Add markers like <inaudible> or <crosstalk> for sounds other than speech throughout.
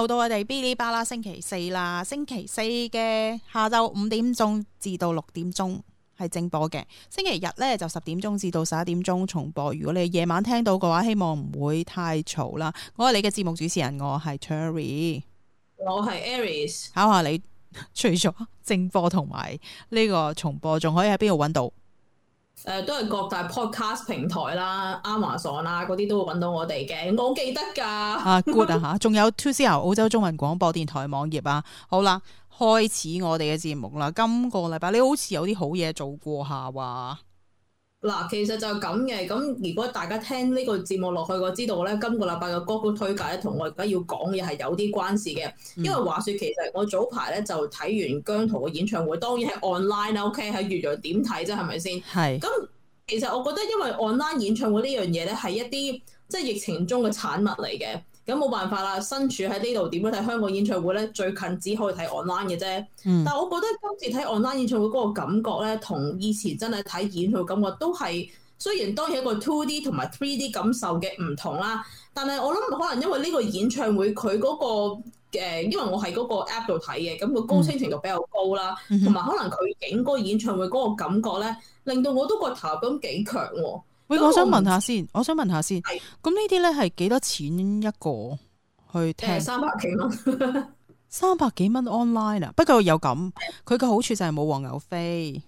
到到我哋嗶哩吧啦，星期四啦，星期四嘅下晝五點鐘至到六點鐘係正播嘅。星期日咧就十點鐘至到十一點鐘重播。如果你夜晚聽到嘅話，希望唔會太嘈啦。我係你嘅節目主持人，我係 Tury，我係 Aries。考下你，除咗正播同埋呢個重播，仲可以喺邊度揾到？誒、呃、都係各大 podcast 平台啦、Amazon 啦嗰啲都會揾到我哋嘅，我好記得㗎。 <laughs> 啊，good 啊，仲有 2CR 澳洲中文廣播電台嘅網頁啊。好啦，開始我哋嘅節目啦。今個禮拜你好似有啲好嘢做過下哇。嗱，其實就係咁嘅。咁如果大家聽呢個節目落去，我知道咧，今個禮拜嘅歌曲推介咧，同我而家要講嘅係有啲關事嘅。因為話說其實我早排咧就睇完姜濤嘅演唱會，當然係 online 啦。O.K.，喺粵陽點睇啫，係咪先？係、嗯。咁其實我覺得，因為 online 演唱會呢樣嘢咧，係一啲即係疫情中嘅產物嚟嘅。咁冇辦法啦，身處喺呢度點樣睇香港演唱會咧？最近只可以睇 online 嘅啫。嗯、但係我覺得今次睇 online 演唱會嗰個感覺咧，同以前真係睇演唱會嘅感覺都係雖然當然一個 two D 同埋 three D 感受嘅唔同啦。但係我諗可能因為呢個演唱會佢嗰、嗰個、呃、因為我喺嗰個 app 度睇嘅，咁個高清程度比較高啦，同埋、嗯、可能佢影嗰個演唱會嗰個感覺咧，令到我都個投入感幾強喎。喂，我想問下先，我想問下先，咁、嗯、呢啲咧係幾多錢一個去聽？三百幾蚊， <laughs> 三百幾蚊 online 啊！不過有咁，佢個好處就係冇黃牛飛，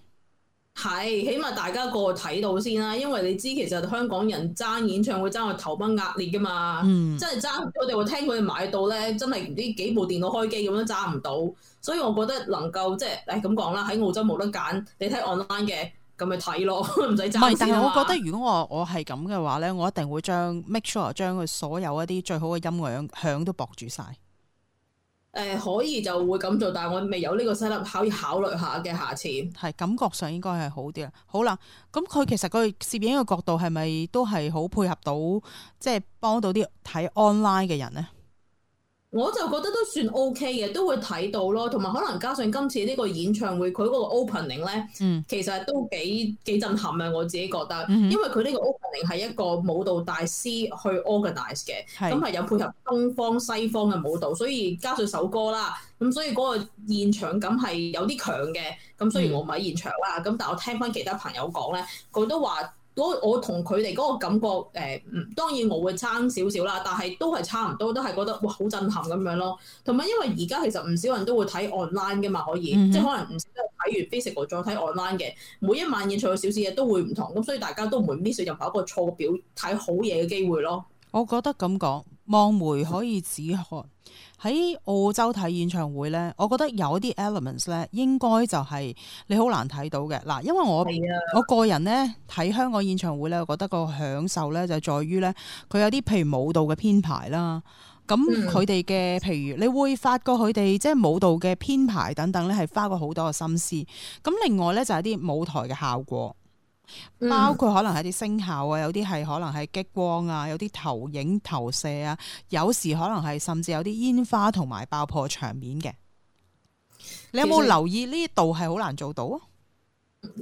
係，起碼大家個個睇到先啦。因為你知其實香港人爭演唱會爭到頭崩壓裂噶嘛，嗯，真係爭。我哋會聽佢哋買到咧，真係唔知幾部電腦開機咁樣爭唔到。所以，我覺得能夠即係誒咁講啦，喺澳洲冇得揀，你睇 online 嘅。咁咪睇咯，唔使爭，但係我覺得如果我我係咁嘅話咧，我一定會將 make sure 將佢所有一啲最好嘅音，音響響都博住晒。誒、呃，可以就會咁做，但係我未有呢個 setup，可以考慮下嘅下次。係感覺上應該係好啲啦。好啦，咁佢其實佢攝影嘅角度係咪都係好配合到，即係幫到啲睇 online 嘅人咧？我就覺得都算 OK 嘅，都會睇到咯，同埋可能加上今次呢個演唱會佢嗰個 opening 咧，嗯、其實都幾幾震撼嘅，我自己覺得，嗯、哼因為佢呢個 opening 係一個舞蹈大師去 organize 嘅，咁係是有配合東方西方嘅舞蹈，所以加上首歌啦，咁所以嗰個現場感係有啲強嘅，咁雖然我唔喺現場啦，咁、嗯、但我聽翻其他朋友講咧，佢都話。我同佢哋嗰個感覺，誒、呃，當然我會差少少啦，但係都係差唔多，都係覺得哇好震撼咁樣咯。同埋因為而家其實唔少人都會睇 online 嘅嘛，可以、嗯、哼即係可能唔少睇完 physical 再睇 online 嘅，每一晚演出嘅小、小事嘢都會唔同，咁所以大家都唔會 miss 住任何一個錯表睇好嘢嘅機會咯。我覺得咁講。望梅可以止渴。喺澳洲睇演唱會呢，我覺得有啲 elements 呢，應該就係你好難睇到嘅。嗱，因為我的我個人呢，睇香港演唱會呢，我覺得個享受呢就係在於呢，佢有啲譬如舞蹈嘅編排啦，咁佢哋嘅譬如，你會發覺佢哋即係舞蹈嘅編排等等呢，係花過好多嘅心思。咁另外呢，就係、是、啲舞台嘅效果。包括可能係啲聲效啊、嗯，有啲係可能係激光啊，有啲投影投射啊，有時可能係甚至有啲煙花同埋爆破場面嘅。你有冇留意呢度係好難做到？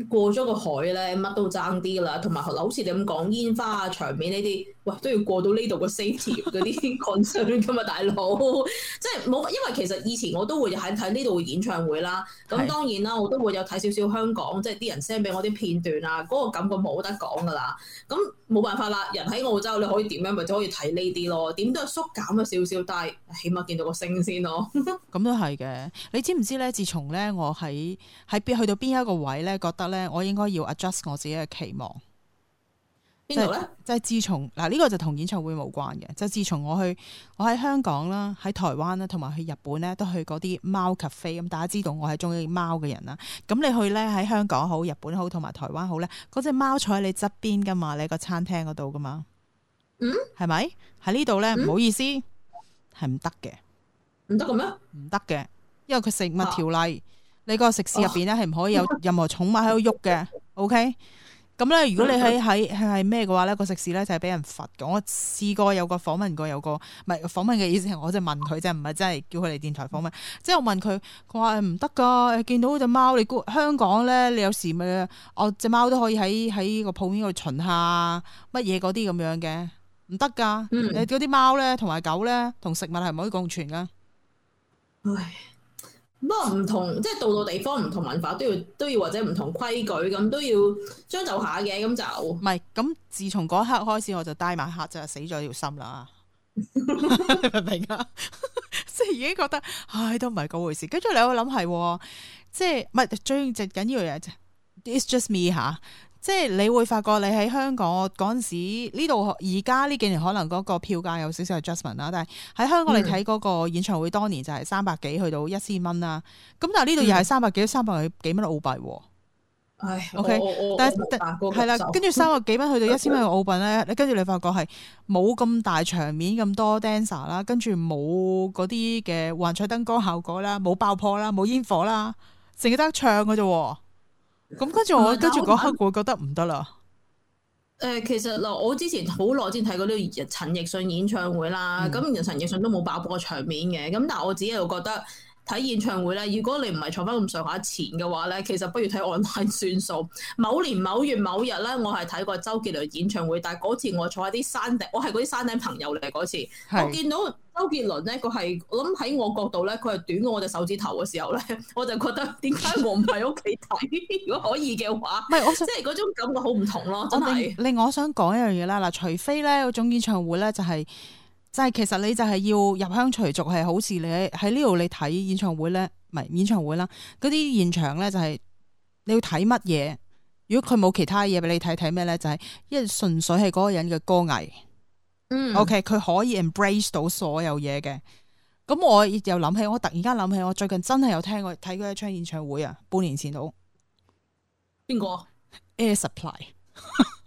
過咗個海咧，乜都爭啲啦。同埋好似你咁講煙花啊，場面呢啲。喂，都要過到呢度個 stage 嗰啲 concert 噶嘛，大佬，即係冇，因為其實以前我都會喺睇呢度嘅演唱會啦。咁當然啦，我都會有睇少少香港，即係啲人 send 俾我啲片段啊。嗰、嗰個感覺冇得講噶啦。咁冇辦法啦，人喺澳洲你可以點樣？咪就可以睇呢啲咯。點都係縮減咗少少，但係起碼見到個星先咯。咁都係嘅。你知唔知咧？自從咧，我喺喺邊去到邊一個位咧，覺得咧，我應該要 adjust 我自己嘅期望。就就自從嗱呢個就同演唱會冇關嘅，就自從我去我喺香港啦，喺台灣啦，同埋去日本咧，都去嗰啲貓咖啡咁。大家知道我係中意貓嘅人啦。咁你去咧喺香港好、日本好、同埋台灣好咧，嗰隻貓坐喺你側邊噶嘛，你個餐廳嗰度噶嘛，嗯，係咪喺呢度咧？唔、嗯、好意思，係唔得嘅，唔得嘅咩？唔得嘅，因為佢食物條例，啊、你個食肆入邊咧係唔可以有任何寵物喺度喐嘅，OK。咁咧，如果你喺喺係咩嘅話咧，個食肆咧就係俾人罰嘅。我試過有個訪問過，有個唔係訪問嘅意思，係我即係問佢即係，唔係真係叫佢嚟電台訪問。即係我問佢，佢話欸，唔得㗎。見到隻貓，你估香港咧，你有時咪我隻貓都可以喺喺個鋪面度巡下乜嘢嗰啲咁樣嘅，唔得㗎。你嗰啲貓咧，同埋狗咧，同食物係唔可以共存㗎。不過唔同，即係到到地方唔同，文化都要都要或者唔同規矩，咁都要將就下嘅，咁就唔係咁，自從嗰刻開始我就帶埋黑就死咗條心啦，明唔明啊？ <laughs> <laughs> <laughs> 即係已經覺得唉都唔係嗰回事，跟住你會諗係即係唔係最直緊要嘢就，it's just me 嚇。即係你會發覺你喺香港嗰陣時，呢度而家呢幾年可能嗰個票價有少少 adjustment 啦，但係喺香港你睇嗰個演唱會，當年就係三百幾去到一千蚊啦。咁但係呢度又係三百幾三百幾蚊澳幣喎。唉，哎，OK，但係啦，跟住三百幾蚊去到一千蚊澳幣咧，你跟住你發覺係冇咁大場面，咁多 dancer 啦，跟住冇嗰啲嘅幻彩燈光效果啦，冇爆破啦，冇煙火啦，淨係得，得唱嘅啫喎。咁跟住我、嗯、跟住嗰刻我覺得唔得啦。誒，其實嗱，我之前好耐先前睇過啲陳奕迅演唱會啦，咁其實陳奕迅都冇爆破場面嘅。咁但係我自己又覺得睇演唱會咧，如果你唔係坐翻咁上下前嘅話咧，其實不如睇 online 算數。某年某月某日咧，我係睇過周杰倫演唱會，但係嗰次我坐喺啲山頂，我係嗰啲山頂朋友嚟嗰次，是我見到。周杰倫呢，佢係我諗喺我角度咧，佢係短過我隻手指頭嘅時候咧，我就覺得點解我唔喺屋企睇？ <laughs> 如果可以嘅話，我即係嗰種感覺好唔同咯，真係。令我想講一樣嘢啦，嗱，除非咧嗰種演唱會咧、就是，就係就係其實你就係要入鄉隨俗，係好似你喺呢度你睇演唱會咧，唔係演唱會啦，嗰啲現場咧就係、是、你要睇乜嘢？如果佢冇其他嘢俾你睇，睇咩咧？就係一係純粹係嗰個人嘅歌藝。Okay, 嗯，OK，佢可以 embrace 到所有嘢嘅，咁我又諗起，我突然間諗起，我最近真係有聽過睇過一場演唱會啊，半年前到，邊個誰 Air Supply？ <laughs>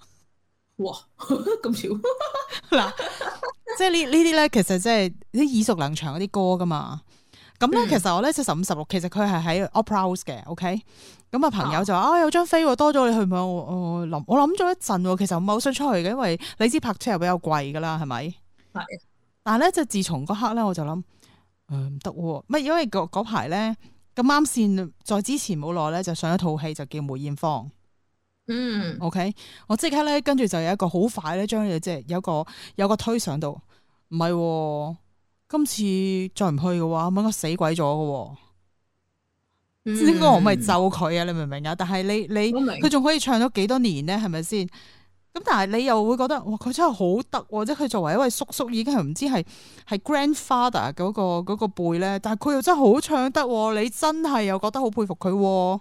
哇，咁 <laughs> 巧麼巧！嗱， <laughs> 即係呢呢啲咧，其實即係啲耳熟能詳嗰啲歌噶嘛。咁咧，其實我咧即十五十六，其實佢係喺 Opera House 嘅，OK。咁啊，朋友就啊，有張飛多咗你去唔去？我諗，我諗咗一陣，其實我唔係好想出去嘅，因為你知泊車又比較貴㗎喇，係咪？是但係咧，就自從嗰刻咧，我就諗，唔得喎，乜、啊、因為嗰排咧咁啱先再之前冇耐咧就上一套戲就叫梅艷芳。嗯。OK，我即刻咧跟住就有一個好快咧將嘢即係有個有，個，有個推上到，唔係、啊。今次再唔去嘅話，咁我死鬼咗嘅。嗯、應該我咪咒佢啊，你明唔明啊？但係你你佢仲可以唱咗幾多年咧，係咪先？咁但係你又會覺得，哇！佢真係好得，即係佢作為一位叔叔，已經係唔知係係 grandfather 嗰個嗰個輩咧。但係佢又真係好唱得，你真係又覺得好佩服佢、啊。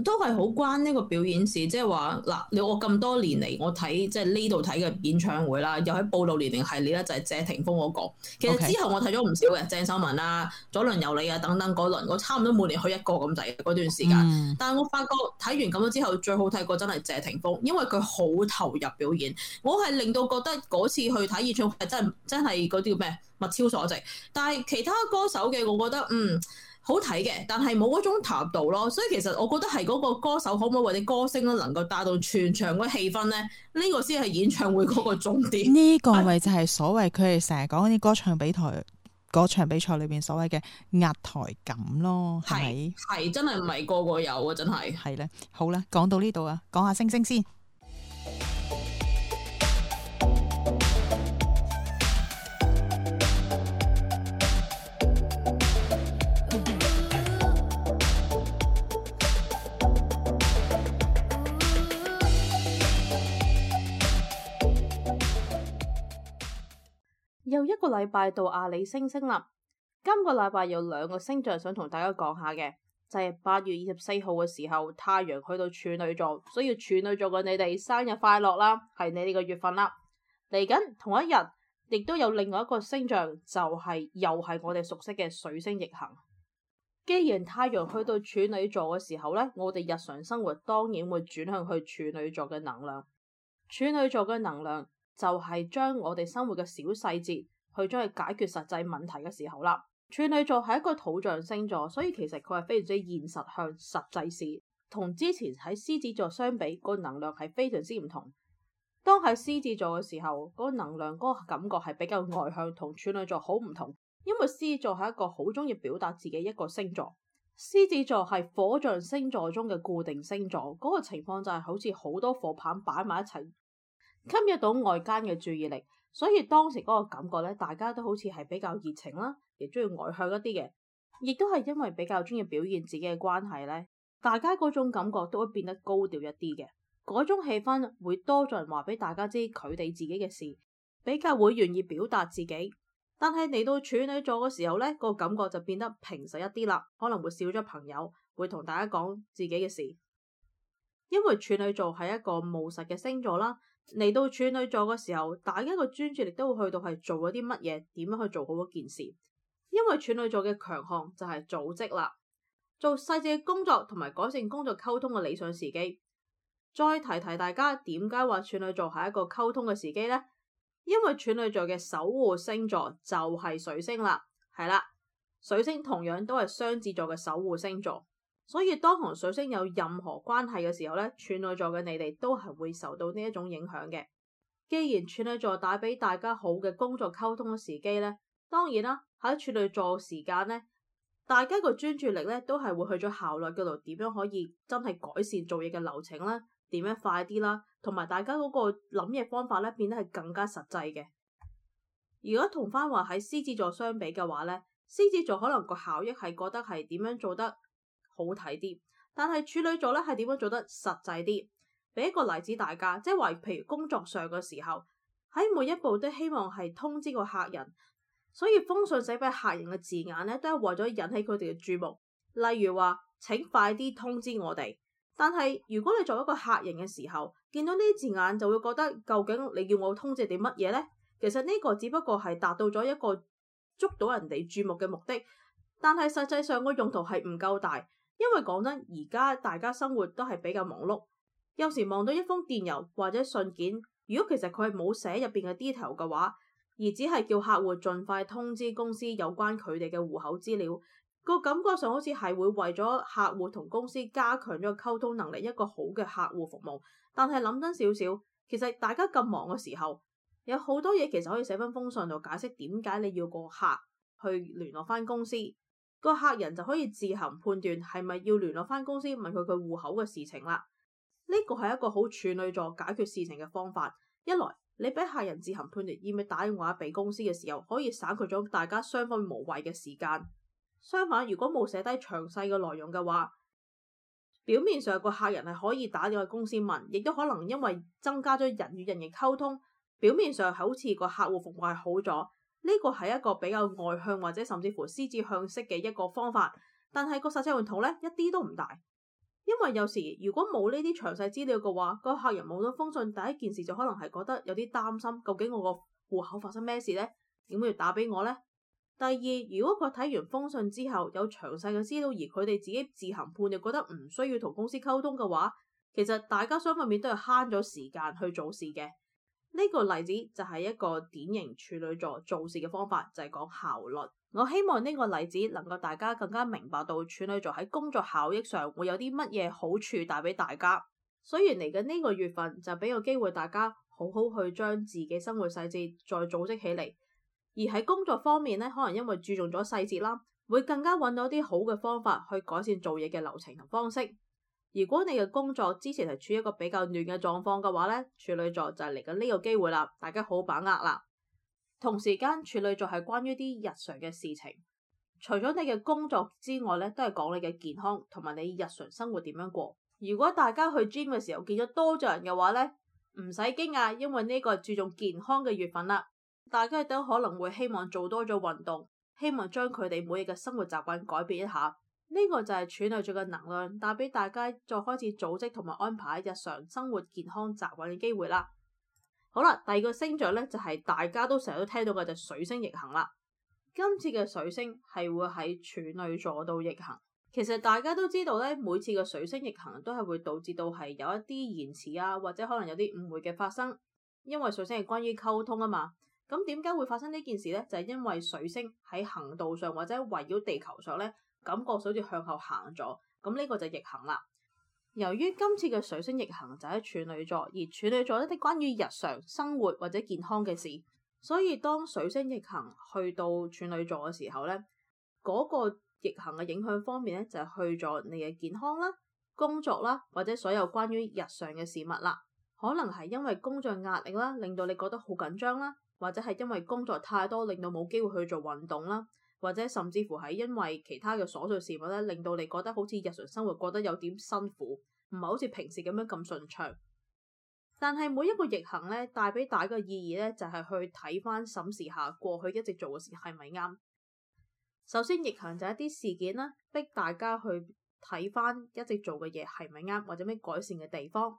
都係好關呢個表演事，即係話嗱，你我咁多年嚟，我睇即係呢度睇嘅演唱會啦，又喺暴露年齡系列咧，就係、係、謝霆鋒嗰、嗰個。其實之後我睇咗唔少嘅鄭秀文啦、啊、左麟右李啊等等嗰輪，我差唔多每年去一個咁滯嗰段時間。Mm. 但係我發覺睇完咁多之後，最好睇過真係謝霆鋒，因為佢好投入表演，我係令到覺得嗰次去睇演唱會真真係嗰啲叫咩物超所值。但係其他歌手嘅，我覺得嗯。好睇嘅，但係冇嗰種投入到咯，所以其實我覺得係嗰個歌手可唔可以或者歌星咧能夠帶到全場嘅氣氛咧，呢個先係演唱會嗰個重點。呢個咪就係所謂佢哋成日講啲歌唱比賽嗰場比賽裏邊所謂嘅壓台感咯，係係是真係唔係個個有啊，真係係啦，好啦，講到呢度啊，講下星星先。又一個禮拜到阿里星星啦！今個禮拜有兩個星象想同大家講下嘅，就係八月二十四號嘅時候，太陽去到處女座，所以處女座嘅你哋生日快樂啦，係你哋嘅月份啦。嚟緊同一日，亦都有另外一個星象，就係又係我哋熟悉嘅水星逆行。既然太陽去到處女座嘅時候咧，我哋日常生活當然會轉向去處女座嘅能量，處女座嘅能量。就係將我哋生活嘅小細節，去將去解決實際問題嘅時候啦。處女座係一個土象星座，所以其實佢係非常之現實向實際事。同之前喺獅子座相比，能那個能量係非常之唔同。當喺獅子座嘅時候，個能量嗰個感覺係比較外向，同處女座好唔同。因為獅子座係一個好中意表達自己一個星座。獅子座係火象星座中嘅固定星座，嗰、嗰個情況就係好似好多火棒擺埋一齊。吸引到外間嘅注意力，所以當時嗰個感覺咧，大家都好似係比較熱情啦，亦中意外向一啲嘅，亦都係因為比較中意表現自己嘅關係咧，大家嗰種感覺都會變得高調一啲嘅，嗰種氣氛會多咗人話俾大家知佢哋自己嘅事，比較會願意表達自己。但係嚟到處女座嘅時候咧，個感覺就變得平實一啲啦，可能會少咗朋友會同大家講自己嘅事，因為處女座係一個務實嘅星座啦。嚟到處女座嘅時候，大家個專注力都會去到係做咗啲乜嘢，點樣去做好一件事？因為處女座嘅強項就係組織啦，做細節工作同埋改善工作溝通嘅理想時機。再提提大家點解話處女座係一個溝通嘅時機呢？因為處女座嘅守護星座就係水星啦，係啦，水星同樣都係雙子座嘅守護星座。所以當同水星有任何關係嘅時候咧，處女座嘅你哋都係會受到呢一種影響嘅。既然處女座帶俾大家好嘅工作溝通嘅時機咧，當然啦喺處女座時間咧，大家個專注力咧都係會去咗效率嗰度，點樣可以真係改善做嘢嘅流程啦？點樣快啲啦？同埋大家嗰個諗嘢方法咧變得係更加實際嘅。如果同翻話喺獅子座相比嘅話咧，獅子座可能個效益係覺得係點樣做得？好睇啲，但係處女座咧係點樣做得實際啲？俾一個例子大家，即係話，譬如工作上嘅時候，喺每一步都希望係通知個客人，所以封信寫俾客人嘅字眼咧，都係為咗引起佢哋嘅注目。例如話，請快啲通知我哋。但係如果你做一個客人嘅時候，見到呢啲字眼，就會覺得究竟你叫我通知你乜嘢呢？其實呢個只不過係達到咗一個捉到人哋注目嘅目的，但係實際上個用途係唔夠大。因為講真，而家大家生活都係比較忙碌，有時望到一封電郵或者信件，如果其實佢係冇寫入邊嘅 detail 嘅話，而只係叫客戶盡快通知公司有關佢哋嘅戶口資料，個感覺上好似係會為咗客戶同公司加強咗溝通能力，一個好嘅客戶服務。但係諗真少少，其實大家咁忙嘅時候，有好多嘢其實可以寫翻封信嚟，解釋點解你要個客去聯絡翻公司。個客人就可以自行判斷係咪要聯絡返公司問佢佢戶口嘅事情啦。呢個係一個好處女座解決事情嘅方法。一來，你俾客人自行判斷要唔要打電話俾公司嘅時候，可以省卻咗大家雙方無謂嘅時間。相反，如果冇寫低詳細嘅內容嘅話，表面上個客人係可以打電話公司問，亦都可能因為增加咗人與人嘅溝通，表面上係好似個客戶服務係好咗。呢個係一個比較外向或者甚至乎獅子向式嘅一個方法，但係個實際用途咧一啲都唔大，因為有時如果冇呢啲詳細資料嘅話，個客人冇咗封信，第一件事就可能係覺得有啲擔心，究竟我個戶口發生咩事呢？點解要打俾我呢？第二，如果佢睇完封信之後有詳細嘅資料，而佢哋自己自行判斷覺得唔需要同公司溝通嘅話，其實大家相對面都係慳咗時間去做事嘅。呢個例子就係一個典型處女座做事嘅方法，就係講效率。我希望呢個例子能夠大家更加明白到處女座喺工作效益上會有啲乜嘢好處帶俾大家。所以嚟緊呢個月份就俾個機會大家好好去將自己生活細節再組織起嚟，而喺工作方面咧，可能因為注重咗細節啦，會更加揾到啲好嘅方法去改善做嘢嘅流程同方式。如果你嘅工作之前係處於一個比較亂嘅狀況嘅話呢處女座就嚟緊呢個機會啦，大家好好把握啦。同時間，處女座係關於啲日常嘅事情，除咗你嘅工作之外呢都係講你嘅健康同埋你日常生活點樣過。如果大家去 gym 嘅時候見咗多咗人嘅話呢唔使驚訝，因為呢個係注重健康嘅月份啦，大家都可能會希望做多咗運動，希望將佢哋每日嘅生活習慣改變一下。呢個就係處女座嘅能量，帶俾大家再開始組織同埋安排日常生活健康習慣嘅機會啦。好啦，第二個星座咧就係、是、大家都成日都聽到嘅就係、水星逆行啦。今次嘅水星係會喺處女座度逆行。其實大家都知道咧，每次嘅水星逆行都係會導致到係有一啲延遲啊，或者可能有啲誤會嘅發生，因為水星係關於溝通啊嘛。咁點解會發生呢件事咧？就係、是、因為水星喺行道上或者圍繞地球上咧。感覺好似向後行咗，咁、這、呢個就逆行啦。由於今次嘅水星逆行就喺處女座，而處女座一啲關於日常生活或者健康嘅事，所以當水星逆行去到處女座嘅時候咧，嗰、那個逆行嘅影響方面咧就係去咗你嘅健康啦、工作啦或者所有關於日常嘅事物啦。可能係因為工作壓力啦，令到你覺得好緊張啦，或者係因為工作太多，令到冇機會去做運動啦。或者甚至乎係因為其他嘅瑣碎事物咧，令到你覺得好似日常生活過得有點辛苦，唔係好似平時咁樣咁順暢。但係每一個逆行咧，帶俾大家嘅意義咧，就係、是、去睇翻審視下過去一直做嘅事係咪啱。首先，逆行就係一啲事件啦，逼大家去睇翻一直做嘅嘢係咪啱，或者咩改善嘅地方。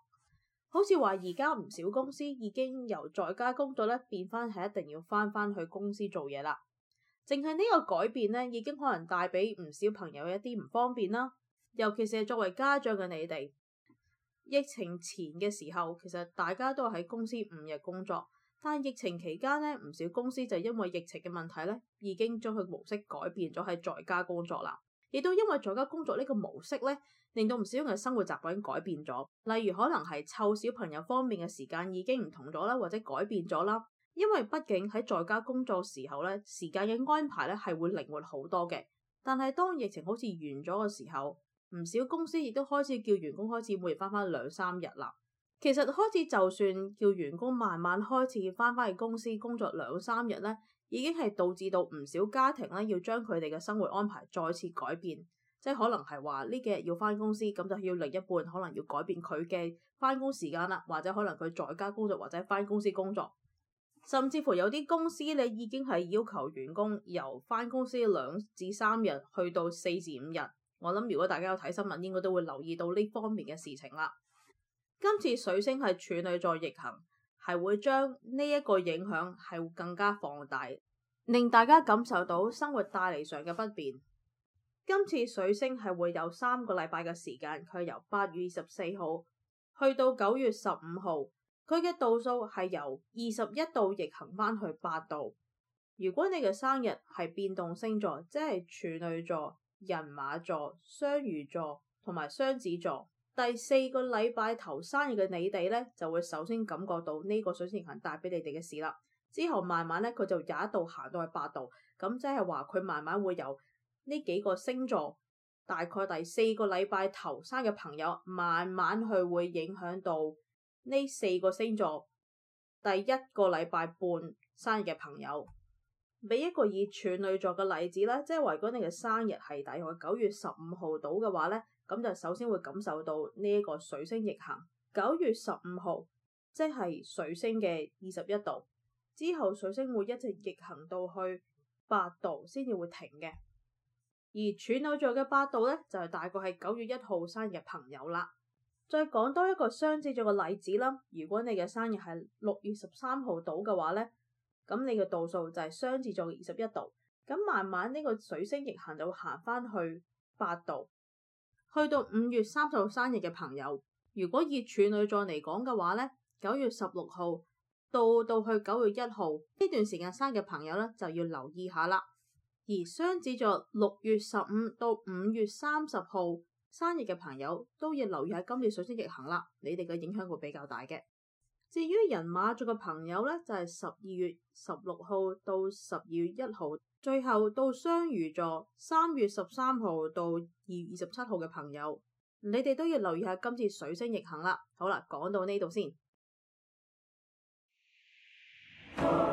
好似話而家唔少公司已經由在家工作咧變翻係一定要翻返去公司做嘢啦。淨係呢個改變咧，已經可能帶俾唔少朋友一啲唔方便啦。尤其是係作為家長嘅你哋，疫情前嘅時候，其實大家都係喺公司五日工作，但係疫情期間咧，唔少公司就因為疫情嘅問題咧，已經將佢模式改變咗係在家工作啦。亦都因為在家工作呢個模式咧，令到唔少人嘅生活習慣改變咗，例如可能係湊小朋友方面嘅時間已經唔同咗啦，或者改變咗啦。因為畢竟喺在，在家工作時候咧，時間嘅安排咧係會靈活好多嘅。但係當疫情好似完咗嘅時候，唔少公司亦都開始叫員工開始每月返返兩三日啦。其實開始就算叫員工慢慢開始返返去公司工作兩三日咧，已經係導致到唔少家庭咧要將佢哋嘅生活安排再次改變，即係可能係話呢幾日要返公司，咁就要另一半可能要改變佢嘅返工時間啦，或者可能佢在家工作或者返公司工作。甚至乎有啲公司你已經係要求員工由翻公司兩至三日去到四至五日，我諗如果大家有睇新聞，應該都會留意到呢方面嘅事情啦。今次水星係處女座逆行，係會將呢一個影響係會更加放大，令大家感受到生活帶嚟上嘅不便。今次水星係會有三個禮拜嘅時間，佢由八月二十四號去到九月十五號。佢嘅度數係由二十一度逆行翻去八度。如果你嘅生日係變動星座，即係處女座、人馬座、雙魚座同埋雙子座，第四個禮拜頭生日嘅你哋呢，就會首先感覺到呢個水星行帶俾你哋嘅事啦。之後慢慢呢，佢就廿一度行到去八度，咁即係話佢慢慢會由呢幾個星座，大概第四個禮拜頭生日嘅朋友，慢慢去會影響到。呢四個星座第一個禮拜半生日嘅朋友，俾一個以處女座嘅例子啦，即係如果你嘅生日係大概九月十五號到嘅話呢，咁就首先會感受到呢一個水星逆行。九月十五號即係水星嘅二十一度，之後水星會一直逆行到去八度先至會停嘅。而處女座嘅八度呢，就係大概係九月一號生日朋友啦。再講多一個雙子座嘅例子啦。如果你嘅生日係六月十三號到嘅話呢，咁你嘅度數就係雙子座嘅二十一度。咁慢慢呢個水星逆行就會行翻去八度，去到五月三十號生日嘅朋友，如果以處女座嚟講嘅話呢，九月十六號到到去九月一號呢段時間生日嘅朋友呢，就要留意下啦。而雙子座六月十五到五月三十號。生日嘅朋友都要留意下今次水星逆行啦，你哋嘅影響會比較大嘅。至於人馬座嘅朋友呢，就係十二月十六號到十二月一號，最後到雙魚座三月十三號到二月二十七號嘅朋友，你哋都要留意下今次水星逆行啦。好啦，講到呢度先。 <noise>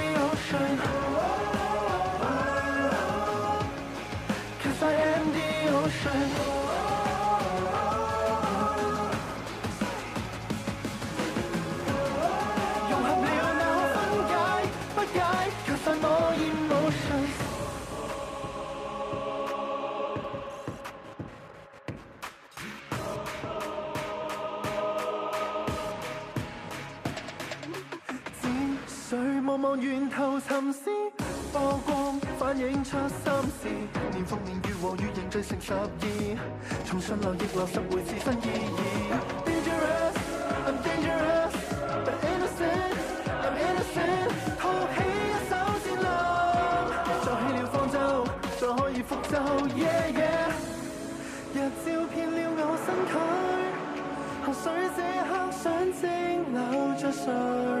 沉思，曝光，反映出心事。年復年月和月凝聚成十二，從順流逆流拾回自身意義。Dangerous，I'm dangerous，but innocent，I'm innocent。套起一首戰歌，作起了方舟，再可以覆舟。Yeah yeah，日照遍了我身軀，河水這刻想蒸餾著誰。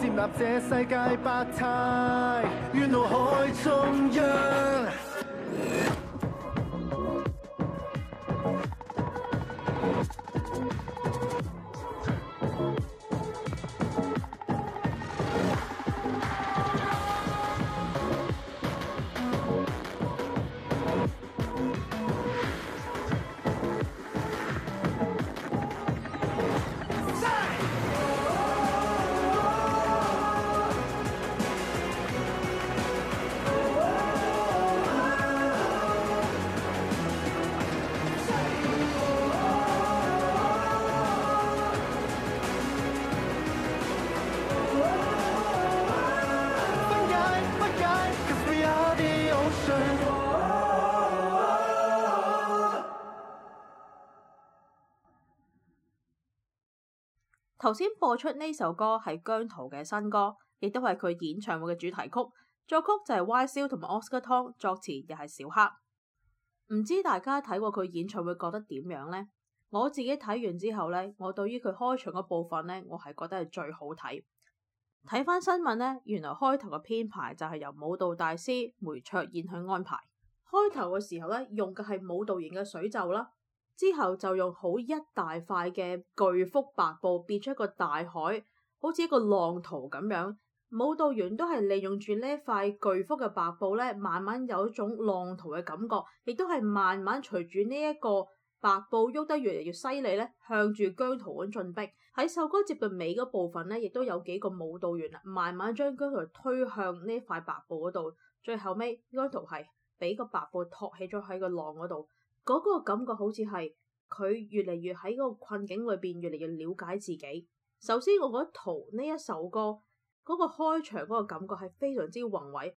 接納這世界百態，願腦海中央。頭先播出呢首歌係姜濤嘅新歌，亦都係佢演唱會嘅主題曲。作曲就係 YSL 同埋 Oscar Tong，作詞又係小黑。唔知大家睇過佢演唱會覺得點樣呢？我自己睇完之後呢，我對於佢開場嘅部分呢，我係覺得係最好睇。睇翻新聞呢，原來開頭嘅編排就係由舞蹈大師梅卓燕去安排。開頭嘅時候呢，用嘅係舞蹈員嘅水袖啦。之後就用好一大塊嘅巨幅白布，別出一個大海，好似一個浪圖咁樣。舞蹈員都係利用住呢塊巨幅嘅白布咧，慢慢有一種浪圖嘅感覺，亦都係慢慢隨住呢一個白布喐得越嚟越犀利咧，向住姜濤咁進逼。喺首歌接嘅尾嗰部分咧，亦都有幾個舞蹈員啦，慢慢將姜濤推向呢塊白布嗰度，最後尾姜濤係俾個白布托起咗喺個浪嗰度。嗰個感覺好似係佢越嚟越喺嗰個困境裏邊，越嚟越了解自己。首先，我覺得《逃》呢一首歌嗰、嗰個開場嗰個感覺係非常之宏偉，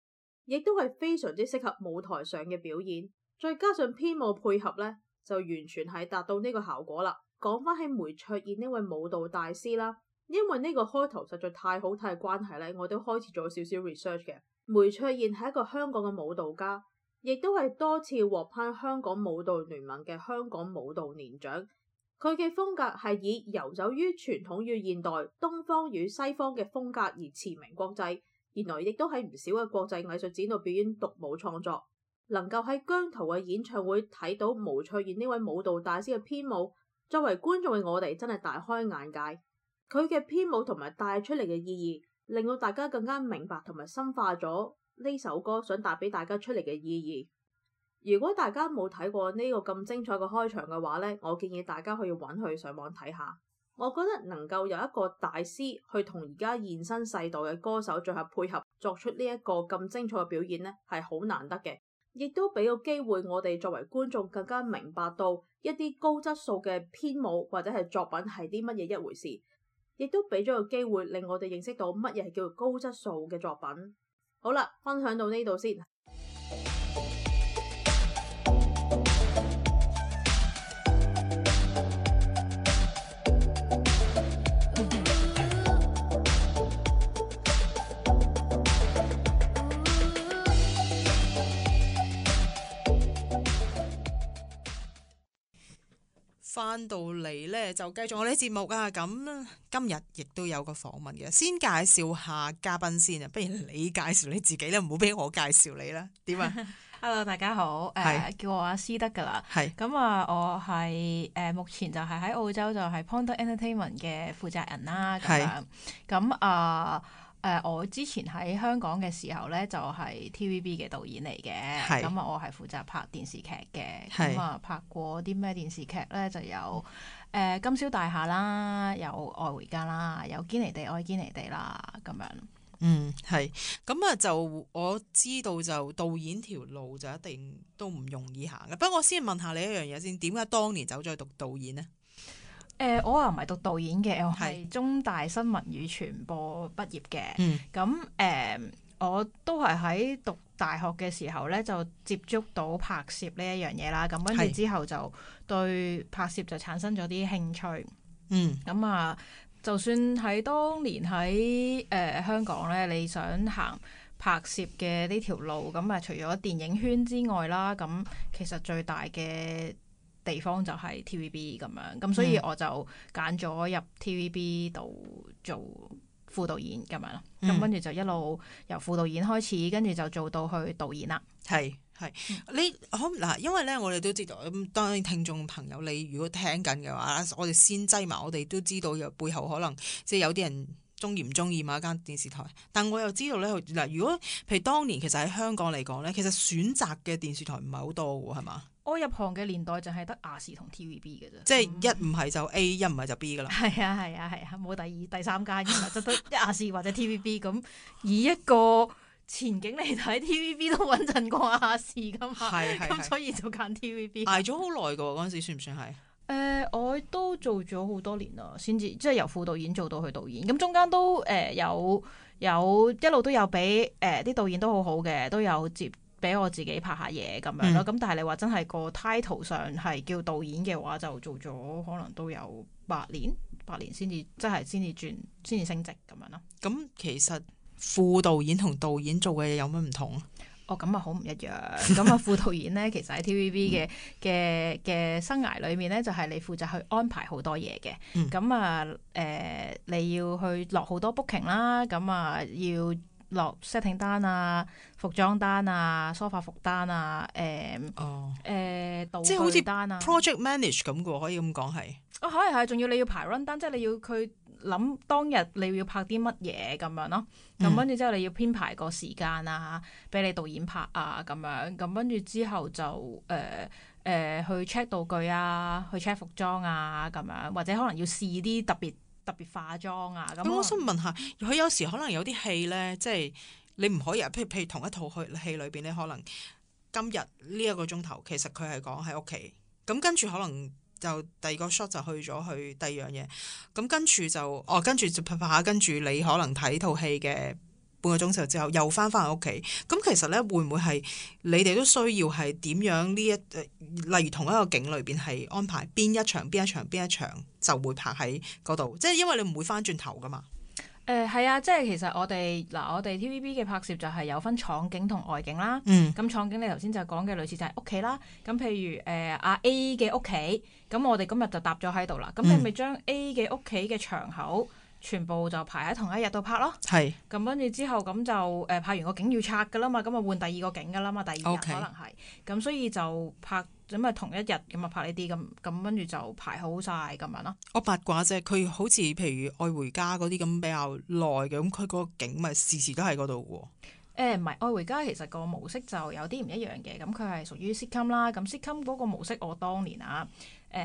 亦都係非常之適合舞台上嘅表演。再加上編舞配合咧，就完全係達到呢個效果啦。講返起梅卓燕呢位舞蹈大師啦，因為呢個開頭實在太好睇嘅關係咧，我都開始咗少少 research 嘅。梅卓燕係一個香港嘅舞蹈家。亦都係多次獲頒香港舞蹈聯盟嘅香港舞蹈年獎。佢嘅風格係以遊走於傳統與現代、東方與西方嘅風格而馳名國際。原來亦都喺唔少嘅國際藝術展度表演獨舞創作。能夠喺姜濤嘅演唱會睇到毛翠燕呢位舞蹈大師嘅編舞，作為觀眾嘅我哋真係大開眼界。佢嘅編舞同埋帶出嚟嘅意義，令到大家更加明白同埋深化咗。呢首歌想帶俾大家出嚟嘅意義。如果大家冇睇過呢個咁精彩嘅開場嘅話，呢我建議大家可以揾佢上網睇下。我覺得能夠由一個大師去同而家現身世代嘅歌手最後配合作出呢一個咁精彩嘅表演，呢係好難得嘅，亦都俾個機會我哋作為觀眾更加明白到一啲高質素嘅編舞或者係作品係啲乜嘢一回事，亦都俾咗個機會令我哋認識到乜嘢係叫做高質素嘅作品。好啦，分享到呢度先。翻到嚟咧就繼續我哋嘅節目啊，咁今日亦都有個訪問嘅，先介紹下嘉賓先啊，不如你介紹你自己咧，唔好俾我介紹你啦，點啊 <laughs> ？Hello，大家好，誒是、呃、叫我阿思德噶啦，係是，咁啊、呃，我係誒、呃、目前就係喺澳洲就係 Ponder Entertainment 嘅負責人啦，係，咁啊是。呃誒、呃，我之前喺香港嘅時候咧，就係 TVB 嘅導演嚟嘅，咁啊是，我係負責拍電視劇嘅，咁啊是，拍過啲咩電視劇咧，就有誒呃、《金宵大廈》啦，有《愛回家》啦，有《堅尼地愛堅尼地》啦，咁樣。嗯，係。咁啊，就我知道就導演條路就一定都唔容易行嘅。不過我先問下你一樣嘢先，點解當年走咗去讀導演咧？誒、呃，我又唔係讀導演嘅，我係中大新聞與傳播畢業嘅。咁誒、嗯呃，我都係喺讀大學嘅時候咧，就接觸到拍攝呢一樣嘢啦。咁跟住之後就對拍攝就產生咗啲興趣。嗯。咁啊，就算喺當年喺誒、呃、香港咧，你想行拍攝嘅呢條路，咁啊，除咗電影圈之外啦，咁其實最大嘅～地方就係 TVB 咁樣、嗯，咁所以我就揀咗入 TVB 度做副導演咁樣啦，咁跟住就一路由副導演開始，跟住就做到去導演啦。係係，你好，嗱，因為咧我哋都知道，咁當然聽眾朋友你如果聽緊嘅話，我哋先擠埋，我哋都知道有背後可能即係有啲人中意唔中意某一間電視台，但我又知道咧嗱，如果譬如當年其實喺香港嚟講咧，其實選擇嘅電視台唔係好多嘅喎，係嘛？我入行嘅年代就係得亞視同 TVB 嘅啫，即係一唔係就 A、嗯、一唔係就 B 噶啦。係啊係啊係啊，冇第二第三間嘅嘛，就 <laughs> 得一亞視或者 TVB 咁。以一個前景嚟睇，TVB 都穩陣過亞視噶嘛。係係，咁所以就揀 TVB。挨咗好耐噶喎，嗰陣時算唔算係？誒、呃，我都做咗好多年啦，先至即係由副導演做到去導演，咁中間都誒有有，有，有一路都有俾誒啲導演都好好嘅，都有接。俾我自己拍下嘢咁樣咯，咁、嗯、但係你話真係個 title 上係叫導演嘅話，就做咗可能都有八年，八年先至即係先至轉，先、就、至、是、升職咁樣咯。咁、嗯、其實副導演同導演做嘅嘢有咩唔同啊？哦，咁啊好唔一樣。咁啊，副導演咧，其實喺 TVB 嘅嘅嘅生涯裏面咧，就係、是、你負責去安排好多嘢嘅。咁、嗯、啊，誒、呃，你要去落好多 booking 啦、啊，咁啊要。落 setting 單啊、服裝單啊、梳化服單啊，誒誒好似單啊，project manage 咁嘅，可以咁講係。哦，可以係，仲要你要排 run 單，即係你要佢諗當日你要拍啲乜嘢咁樣咯。咁跟住之後你要編排個時間啊，俾你導演拍啊咁樣。咁跟住之後就誒誒、呃呃、去 check 道具啊，去 check 服裝啊咁樣，或者可能要試啲特別。特別化妝啊咁，我想問下，佢有時可能有啲戲咧，即係你唔可以，譬如譬如同一套去戲裏邊咧，你可能今日呢一個鐘頭其實佢係講喺屋企。咁跟住可能就第二個 shot 就去咗去第二樣嘢，咁跟住就哦，跟住就拍下，跟住你可能睇套戲嘅。半個鐘頭之後又翻翻去屋企，咁其實咧會唔會係你哋都需要係點樣呢一？例如同一個景裏邊係安排邊一場、邊一場、邊一場就會拍喺嗰度，即係因為你唔會翻轉頭噶嘛。誒係、呃、啊，即係其實我哋嗱、呃，我哋 TVB 嘅拍攝就係有分廠景同外景啦。嗯。咁廠景你頭先就講嘅類似就係屋企啦。咁譬如誒阿、呃、A 嘅屋企，咁我哋今日就搭咗喺度啦。咁你咪將 A 嘅屋企嘅場口。嗯全部就排喺同一日度拍咯，係，咁跟住之後咁就誒、呃、拍完個景要拆噶啦嘛，咁啊換第二個景噶啦嘛，第二日可能係，咁 Okay.、嗯、所以就拍咁啊、嗯、同一日咁啊拍呢啲咁，咁跟住就排好晒，咁樣咯。我八卦啫，佢好似譬如愛回家嗰啲咁比較耐嘅，咁佢個景咪時時都喺嗰度喎。誒唔係愛回家，其實個模式就有啲唔一樣嘅，咁佢係屬於 sitcom 啦，咁 sitcom 嗰個模式我當年啊，誒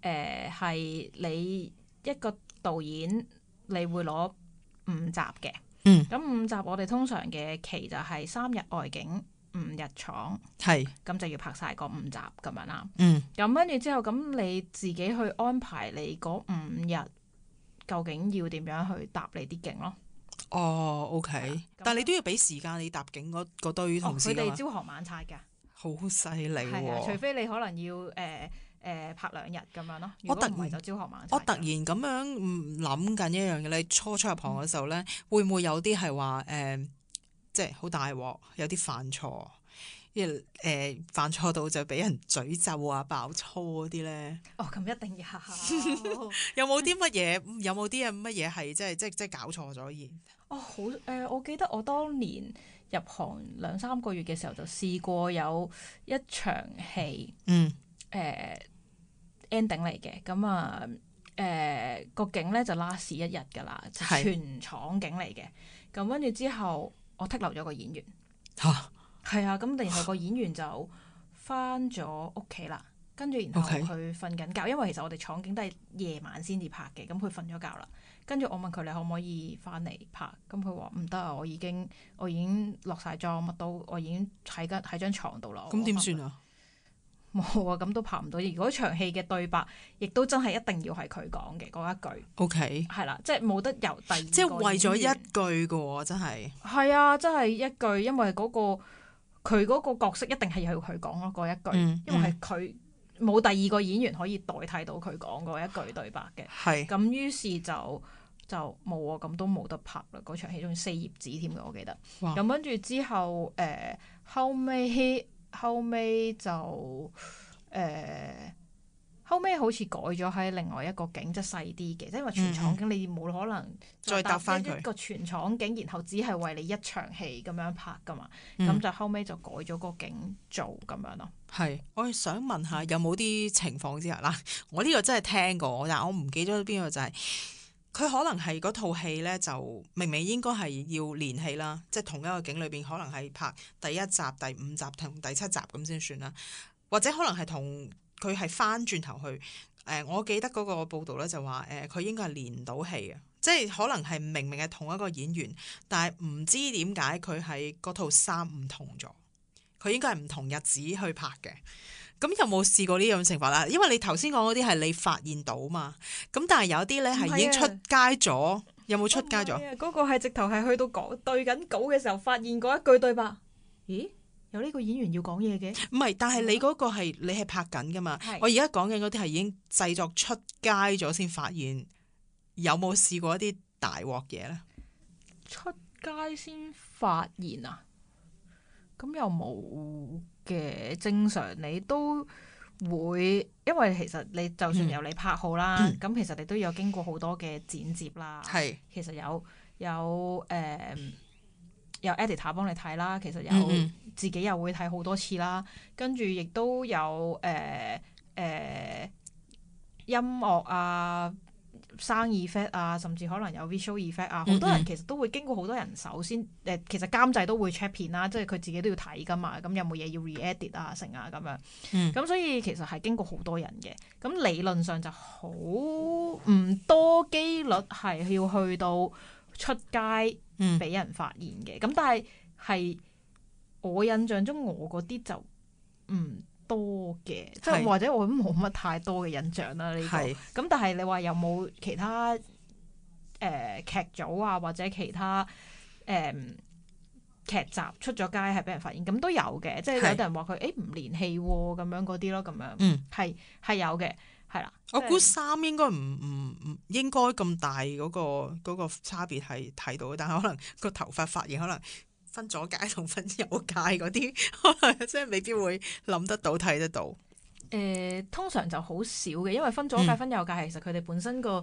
誒係你。一個導演你會攞五集嘅，咁五、嗯、集我哋通常嘅期就係三日外景，五日廠，咁是就要拍晒嗰五集咁樣啦。咁跟住之後，咁你自己去安排你嗰五日，究竟要點樣去搭你啲景咯？哦，OK，、啊、但係你都要俾時間你搭景嗰堆同事佢哋、哦、朝行晚拆嘅，好犀利。係啊，除非你可能要誒。呃誒拍兩日咁樣咯。我突然就我突然咁樣諗緊一樣嘢。你初初入行嘅時候咧，嗯、會唔會有啲係話誒，即係好大鑊，有啲犯錯，一誒、呃、犯錯到就俾人詛咒啊、爆粗嗰啲咧？哦，咁一定要呀。 <laughs> 有冇啲乜嘢？ <laughs> 有冇啲乜嘢係即係即即搞錯咗而？哦，好誒、呃！我記得我當年入行兩三個月嘅時候，就試過有一場戲，嗯誒。嗯嗯 Ending 嚟嘅，咁啊，誒、嗯呃、個景咧就 last 一日噶啦，是全廠景嚟嘅。咁跟住之後，我剔留咗個演員。吓哈，係啊，咁然後個演員就翻咗屋企啦。跟住哈然後佢瞓緊覺，Okay? 因為其實我哋廠景都係夜晚先至拍嘅。咁佢瞓咗覺啦。跟住我問佢你可唔可以翻嚟拍？咁佢話唔得啊！我已經我已經落晒妝物，乜都我已經喺間喺張床度啦。咁點算啊？冇啊，咁都拍唔到。如果場戲嘅對白，亦都真係一定要係佢講嘅嗰一句。OK，係啦，即係冇得由第二即係為咗一句嘅，真係係啊，真係一句，因為嗰、嗰個佢嗰個角色一定係要佢講咯，嗰一句，嗯嗯、因為係佢冇第二個演員可以代替到佢講嗰一句對白嘅。係咁是，於是就就冇啊，咁都冇得拍啦。嗰場戲仲要四頁紙添嘅，我記得。咁跟住之後，誒、呃、後尾。後尾就誒、呃，後尾好似改咗喺另外一個景一，即係細啲嘅，即係話全廠景，嗯、你冇可能再搭翻一個全廠景，然後只係為你一場戲咁樣拍噶嘛，咁就、嗯、後尾就改咗個景做咁樣咯。係，我想問下，有冇啲情況之下？啦？ <laughs> 我呢個真係聽過，但係我唔記得邊個就係、是。佢可能係嗰套戲咧，就明明應該係要連戲啦，即係同一個景裏邊，可能係拍第一集、第五集同第七集咁先算啦。或者可能係同佢係翻轉頭去。誒、呃，我記得嗰個報導咧就話，誒、呃，佢應該係連唔到戲啊，即係可能係明明係同一個演員，但係唔知點解佢係嗰套衫唔同咗，佢應該係唔同日子去拍嘅。咁有冇試過呢種情況啦？因為你頭先講嗰啲係你發現到嘛，咁但係有啲咧係已經出街咗，啊、有冇出街咗？嗰、哦啊嗰個係直頭係去到講對緊稿嘅時候發現嗰一句對白，咦？有呢個演員要講嘢嘅？唔係，但係你嗰個係、啊、你係拍緊噶嘛？是我而家講緊嗰啲係已經製作出街咗先發現，有冇試過一啲大鑊嘢咧？出街先發現啊？咁又冇。嘅正常你都會，因為其實你就算由你拍好啦，咁、嗯、其實你都有經過好多嘅剪接啦。係是、呃，其實有有誒有 editor 幫你睇啦，其實有自己又會睇好多次啦，跟住亦都有誒誒、呃呃、音樂啊。生意 effect 啊，甚至可能有 visual effect 啊，好多人其實都會經過好多人首先，誒、嗯，嗯、其實監製都會 check 片啦，即係佢自己都要睇噶嘛，咁有冇嘢要 re-edit 啊，成啊，咁樣，咁、嗯、所以其實係經過好多人嘅，咁理論上就好唔多機率係要去到出街嗯，嗯，俾人發現嘅，咁但係係我印象中我嗰啲就，嗯。多嘅，即係係或者我都冇乜太多嘅印象啦。呢個咁，但係你話有冇其他誒劇組啊或者其他誒劇集出咗街係俾人發現？咁都有嘅，即係有啲人話佢誒唔連戲咁樣嗰啲咯，咁樣嗯係係有嘅，係啦。我估三應該唔唔唔應該咁大嗰個嗰個差別係睇到，但係可能個頭髮發現可能。分左界同分右界嗰啲， <laughs> 即係未必會諗得到睇得到。誒、呃，通常就好少嘅，因為分左界分右界，其實佢哋本身個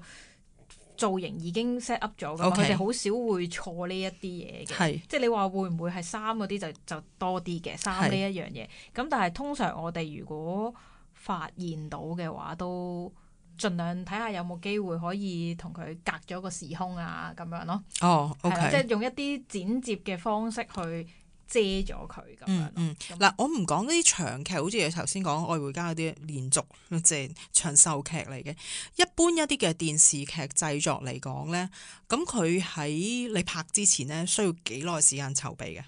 造型已經 set up 咗㗎嘛，嗯，咁佢哋好少會錯呢一啲嘢嘅。係 Okay.，即係你話會唔會係衫嗰啲就就多啲嘅衫呢一樣嘢。咁是但係通常我哋如果發現到嘅話都。儘量睇下有冇機會可以同佢隔咗個時空啊，咁樣咯。哦，OK，即係用一啲剪接嘅方式去遮咗佢咁樣。嗯嗯，嗱，我唔講呢啲長劇，好似你頭先講《愛回家》嗰啲連續即係長壽劇嚟嘅。一般一啲嘅電視劇製作嚟講咧，咁佢喺你拍之前咧，需要幾耐時間籌備嘅？誒、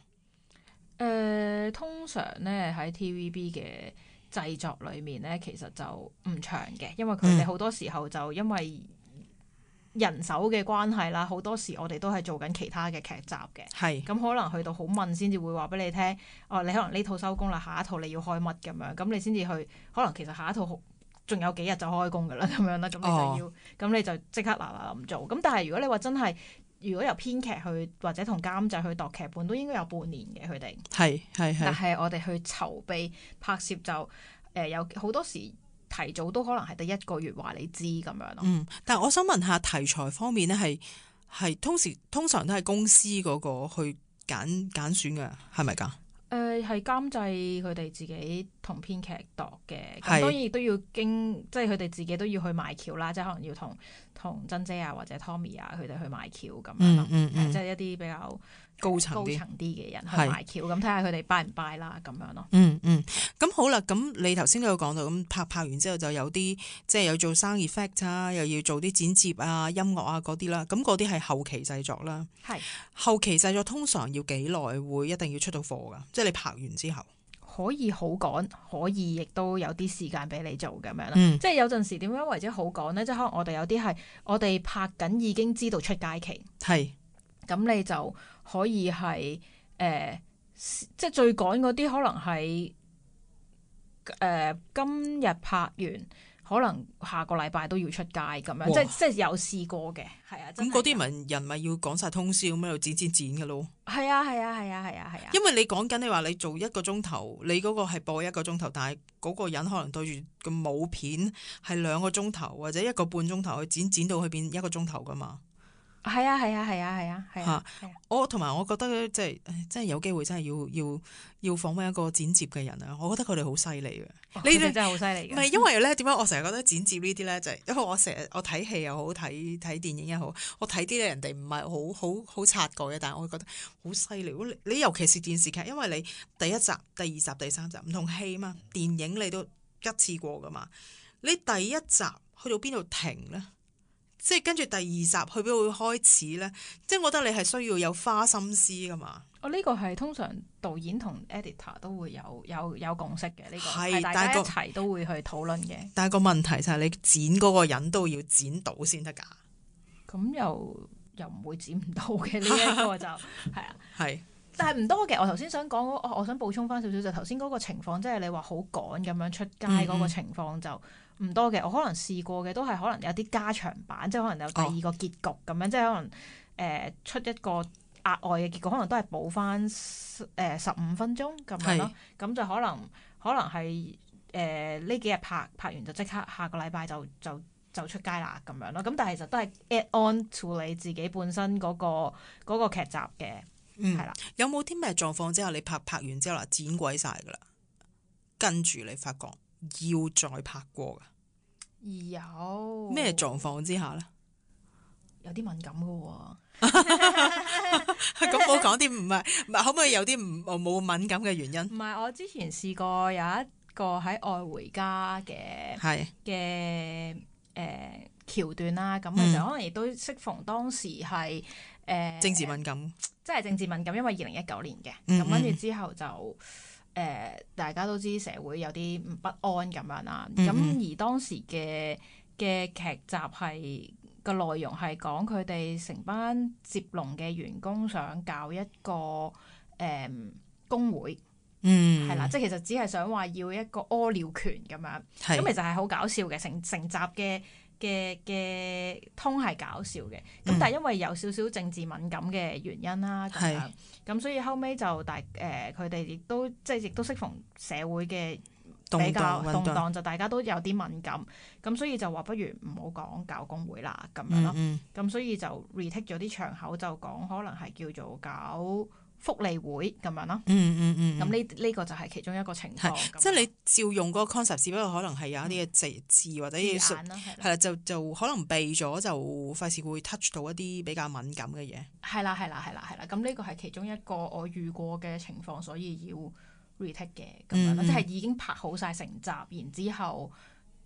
呃，通常咧喺 TVB 嘅。製作裏面咧，其實就唔長嘅，因為佢哋好多時候就因為人手嘅關係啦，好、嗯、多時我哋都係做緊其他嘅劇集嘅。係是，咁可能去到好悶先至會話俾你聽，哦，你可能呢套收工啦，下一套你要開乜咁樣？咁你先至去，可能其實下一套仲有幾日就開工㗎啦咁樣啦，咁你就要，咁、哦、你就即刻嗱嗱唔做。咁但係如果你話真係，如果由編劇去或者同監製去度劇本，都應該有半年嘅佢哋。係係係。但係我哋去籌備拍攝就誒、呃、有好多時提早都可能係得一個月話你知咁樣咯。嗯，但係我想問下題材方面咧，係係通常通常都係公司嗰個去揀揀選嘅係咪㗎？選選誒係、呃、監製佢哋自己同編劇度嘅，咁當然亦都要經，是即係佢哋自己都要去賣橋啦，即係可能要同同珍姐啊或者 Tommy 啊佢哋去賣橋咁樣咯，嗯嗯嗯、即係一啲比較。高層啲嘅人去埋橋，咁睇下佢哋拜唔拜啦，咁樣咯。嗯嗯，咁好啦，咁你頭先都有講到，咁拍拍完之後就有啲即係有做 sound effect 啊，又要做啲剪接啊、音樂啊嗰啲啦，咁嗰啲係後期製作啦。係是後期製作通常要幾耐會一定要出到貨噶？即係你拍完之後可以好趕，可以亦都有啲時間俾你做咁樣啦、嗯。即係有陣時點樣為之好趕咧？即係可能我哋有啲係我哋拍緊已經知道出街期，係咁是你就。可以係誒、呃，即係最趕嗰啲，可能係誒、呃、今日拍完，可能下個禮拜都要出街咁樣，哇即係即係有試過嘅，係啊。咁嗰啲咪人咪要講晒通宵咁喺度剪剪剪嘅咯。係啊係啊係啊係啊係啊。啊啊啊啊因為你講緊你話你做一個鐘頭，你嗰個係播一個鐘頭，但係嗰個人可能對住個母片係兩個鐘頭或者一個半鐘頭去剪，剪到去變一個鐘頭噶嘛。係啊係啊係啊係啊係啊！啊啊啊啊我同埋我覺得即係真係有機會，真係要要要訪問一個剪接嘅人啊！我覺得佢哋好犀利啊！呢啲、哦、你真係好犀利。唔係因為咧，點解我成日覺得剪接呢啲咧？就係、是、因為我成日我睇戲又好，睇睇電影又好，我睇啲咧人哋唔係好好好察覺嘅，但係我覺得好犀利。你尤其是電視劇，因為你第一集、第二集、第三集唔同戲嘛，電影你都一次過噶嘛，你第一集去到邊度停咧？即係跟住第二集去邊會開始咧？即係我覺得你係需要有花心思噶嘛。哦、呢、這個係通常導演同 editor 都會有有有共識嘅呢、這個，係是大家一齊都會去討論嘅。但係個問題就係你剪嗰個人都要剪到先得噶。咁又又唔會剪唔到嘅呢一個就係 <laughs> 啊。係。但係唔多嘅，我頭先想講，我想補充翻少少就頭先嗰個情況，即係你話好趕咁樣出街嗰、嗯、哼個情況就唔多嘅。我可能試過嘅都係可能有啲加長版，即係可能有第二個結局咁樣，哦、即係可能誒出一個額外嘅結果，可能都係補翻誒十五分鐘咁是樣咯。咁就可能可能係誒呢幾日拍拍完就即刻下個禮拜就就就出街啦咁樣咯。咁但係其實都係 add on to 你自己本身嗰、嗰個嗰、嗰個劇集嘅。嗯，係啦，有冇啲咩狀況之後你拍拍完之後啦，剪鬼晒噶㗎啦，跟住你發覺要再拍過㗎。有咩狀況之下呢？有啲敏感㗎喎、啊 <laughs> <laughs> 咁我講啲唔係唔係，可唔可以有啲唔冇敏感嘅原因？唔係，我之前試過有一個喺愛回家嘅嘅誒橋段啦，咁其實可能亦都適逢當時係。誒政治敏感，呃、即係政治敏感，因為二零一九年嘅咁，跟住、嗯嗯、之後就誒、呃，大家都知社會有啲不安咁樣啦。咁、嗯嗯、而當時嘅嘅劇集係個內容係講佢哋成班接龍嘅員工想搞一個誒、嗯、工會，嗯，係啦，即係其實只係想話要一個屙尿權咁樣，咁是其實係好搞笑嘅成成集嘅。嘅嘅通係搞笑嘅，咁但係因為有少少政治敏感嘅原因啦，咁所以後尾就大誒佢哋亦都即係亦都適逢社會嘅比較動盪，動盪態就大家都有啲敏感，咁所以就話不如唔好講搞工會啦咁、嗯嗯、樣咯，咁所以就 retake 咗啲場口就講可能係叫做搞福利會咁樣咯，嗯嗯嗯，嗯，咁呢呢個就係其中一個情況。是即係你照用嗰個 concept，只不過可能係有一啲嘅直字或者嘢，係啦、啊，就就可能避咗，就費事會 touch 到一啲比較敏感嘅嘢。係啦係啦係啦係啦，咁呢個係其中一個我遇過嘅情況，所以要 retake 嘅咁樣啦，嗯嗯即係已經拍好晒成集，然之後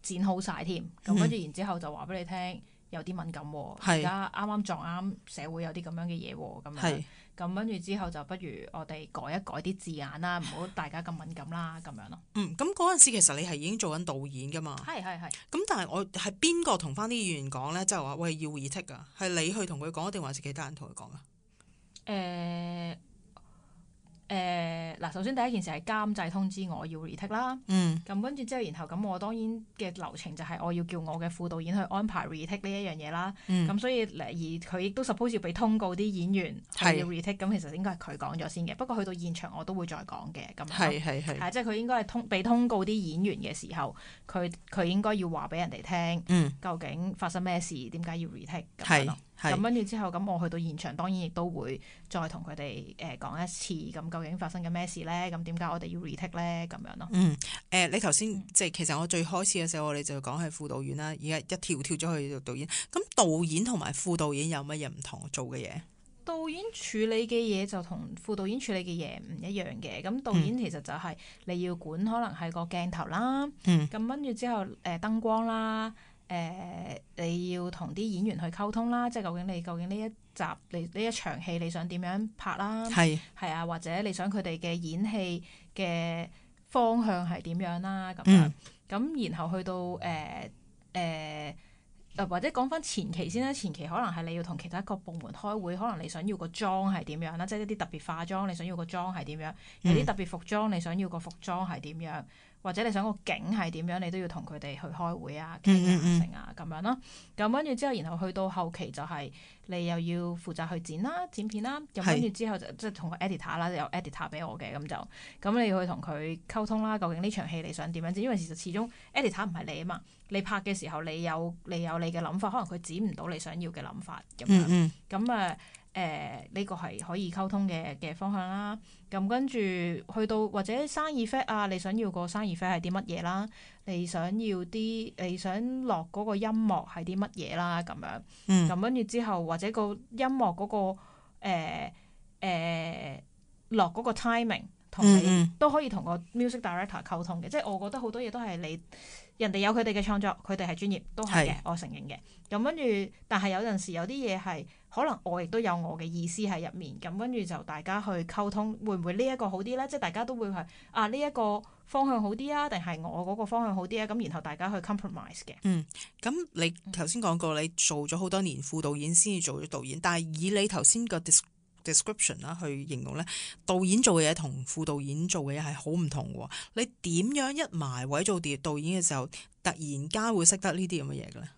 剪好晒添，咁跟住然之後，後就話俾你聽、嗯嗯嗯、有啲敏感喎，而家啱啱撞啱社會有啲咁樣嘅嘢喎，咁樣。的咁跟住之後就不如我哋改一改啲字眼啦，唔好大家咁敏感啦，咁樣咯。嗯，咁嗰陣時其實你係已經做緊導演噶嘛？係係係。咁但係我係邊個同翻啲議員講咧？即係話喂，要撤噶，係你去同佢講，定還是其他人同佢講啊？誒、欸。誒嗱，首先第一件事係監製通知我要 retake 啦。咁跟住之後，然後咁我當然嘅流程就係我要叫我嘅副導演去安排 retake 呢一樣嘢啦。嗯。咁所以而佢亦都 suppose 要俾通告啲演員係、嗯、要 retake，咁其實應該係佢講咗先嘅。不過去到現場我都會再講嘅。係係係。係即係佢應該係通俾通告啲演員嘅時候，佢佢應該要話俾人哋聽。究竟發生咩事？點解要 retake？係。咁跟住之後，咁我去到現場，當然亦都會再同佢哋誒講一次，咁究竟發生緊咩事咧？咁點解我哋要 retake 咧？咁樣咯。嗯。誒、呃，你頭先即係其實我最開始嘅時候，我哋就講係副導演啦，而家一跳跳咗去做導演。咁導演同埋副導演有乜嘢唔同做？做嘅嘢？導演處理嘅嘢就同副導演處理嘅嘢唔一樣嘅。咁導演其實就係你要管，可能係個鏡頭啦。嗯。咁跟住之後，誒、呃、燈光啦。誒、呃，你要同啲演員去溝通啦，即係究竟你究竟呢一集，你呢一場戲你想點樣拍啦？係是啊，或者你想佢哋嘅演戲嘅方向係點樣啦？咁、嗯、樣咁，然後去到誒誒、呃呃，或者講返前期先啦，前期可能係你要同其他各部門開會，可能你想要個妝係點樣啦，即係一啲特別化妝，你想要個妝係點樣？嗯、有啲特別服裝，你想要個服裝係點樣？或者你想個景係點樣，你都要同佢哋去開會啊，傾彈性啊，咁、嗯嗯嗯、樣咯。咁跟住之後，然後去到後期就係、是、你又要負責去剪啦、剪片啦。咁跟住之後就是即係同個 editor 啦，有 editor 俾我嘅咁就，咁你要去同佢溝通啦。究竟呢場戲你想點樣剪？因為其實始終 editor 唔係你啊嘛，你拍嘅時候你有你有你嘅諗法，可能佢剪唔到你想要嘅諗法咁樣。咁誒、嗯嗯。誒呢、呃這個係可以溝通嘅嘅方向啦。咁跟住去到或者 sound effect 啊，你想要個 sound effect 係啲乜嘢啦？你想要啲你想落嗰個音樂係啲乜嘢啦？咁樣。咁跟住之後，或者音樂、那個音樂、呃、嗰個、呃、誒落嗰個 timing，同你、嗯、都可以同個 music director 溝、嗯、通嘅。即係我覺得好多嘢都係你人哋有佢哋嘅創作，佢哋係專業都係嘅，是我承認嘅。咁跟住，但係有陣時有啲嘢係。可能我亦都有我嘅意思喺入面，咁跟住就大家去溝通，會唔會呢一個好啲呢？即係大家都會係啊，呢、這、一個方向好啲啊，定係我嗰個方向好啲咧？咁然後大家去 compromise 嘅。嗯，咁你頭先講過你做咗好多年副導演先至做咗導演，但係以你頭先個 description 啦去形容呢，導演做嘅嘢同副導演做嘅嘢係好唔同喎。你點樣一埋位做導演嘅時候，突然間會識得呢啲咁嘅嘢嘅咧？